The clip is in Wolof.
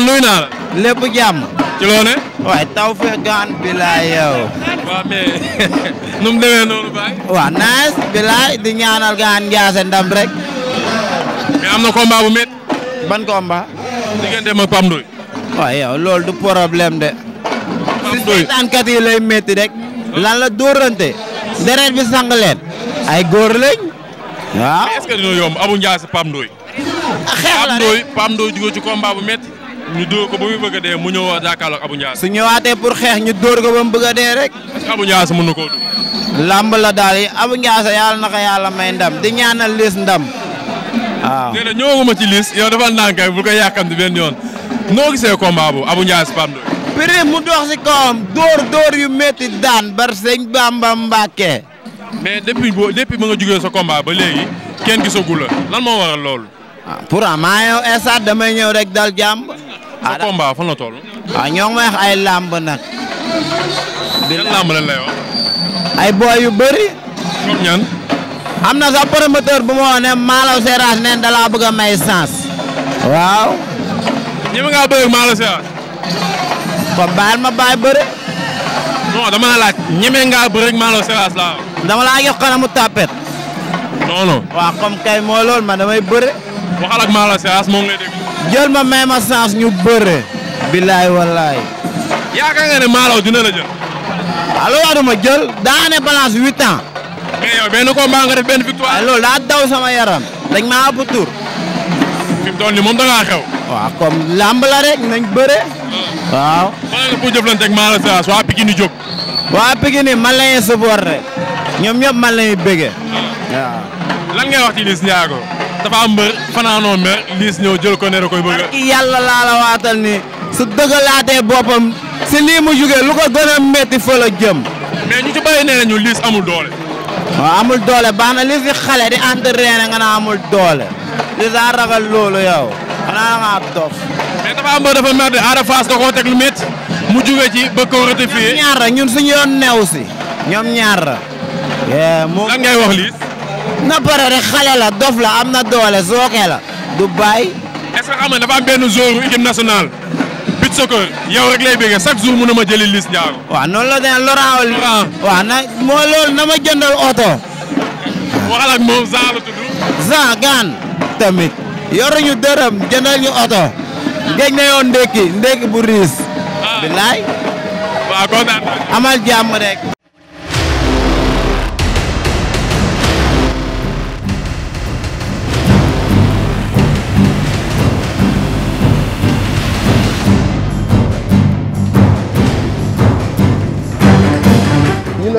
Ousmane nuyu naa la. lépp jàmm. ci loo ne. waaye taw fee gaan bilaay yow. waaw mais nu noonu baay. waaw nice bilaay di ñaanal gaan Ndiassé ndam rek. mais am na combat bu métti. ban combat. diggante ma Pam Ndoye. waaw yow loolu du Pam Ndoye ah. la ay góor lañ. waaw est-ce que dina yomb Pam Ndoye. Ah, xeex la rek Pam Ndoye Pam Ndoye jugee ci combat bu métti. ñu dóor ko ba muy bëgg a dee mu ñëwaat jàkkaarloog Abou Ndiasse. su ñëwaatee pour xeex ñu dóor ko ba mu bëgg a dee rek. est-ce que Abou Ndiasse daal yi Abou Ndiasse yàlla na ko yàlla may ndam di ñaanal liis ndam waaw. déedéet ma ci liis yow dafa nànkay bu ko yàkkamti benn yoon noo gisee combat bu Abou Ndiasse PAM. prix mu dox si kawam dóor dóor yu métti daan bar sëñ Bamba Mbàkke. mais depuis boo depuis ba nga jugee sa combat ba léegi kenn gisagu loolu. ah pourtant maa yow instant rek dal jàmm. ah ay làmb yu bëri. ñoom am na sax promoteur bu ma ne Malaw Seras neen da laa may sens. waaw. ñi ma ngaa bëgg ak Malaw baal ma baay bëri. non dama la ñeme ngaa bëri ak Malaw Seras laa. dama laa jox kanamu tapet. non non. waaw comme kay moo lool man bëri. jël ma may ma chance ñu bëre. billaay wallaay. yaakaar nga ne Malaw dina la jël. allo waatuma jël daa ne balance huit ans. mais yow benn combat nga def benn victoire. loolu daa daw sama yaram. dañ maa ëpp tur. fi waa toll nii moom da ngaa xew. waaw comme làmb la rek nañ bëre. Ah. waaw. waa Pikine jóg. ñoom ñëpp man bëgge ah. waaw. lan ngay wax ci Liss Ndiago dafa mbër fanaanoo me liis ñëw jël ko ne da koy la waatal ni su dëggalaatee boppam si lii mu jugee lu ko gën a métti fa la jëm mais ñu ci bàyyi nee nañu liis amul doole waaw amul doole baax na liis di xale di entraîné nga naa amul doole liis daa ragal loolu yow xanaa nga dof mais dafa am dafa mer de Ada Fass da teg lu métti mu jugee ci ba ko ratifié ñoom ñun neew si ñoom ñaar lan ngay na pare rek xale la dof la am na doole sooke la du bàyyi. est ce que xam nga dafa rek lay bëggee chaque jour mun na ma jëli Liss Ndiago. la daan Laurent Laurent. waaw na moo oto. waxal ak moom Zaa la dërëm jëndal ñu oto. géej na yoon ndékki ndékki bu riis. Ah. bilaay. waaw kontaan amal rek.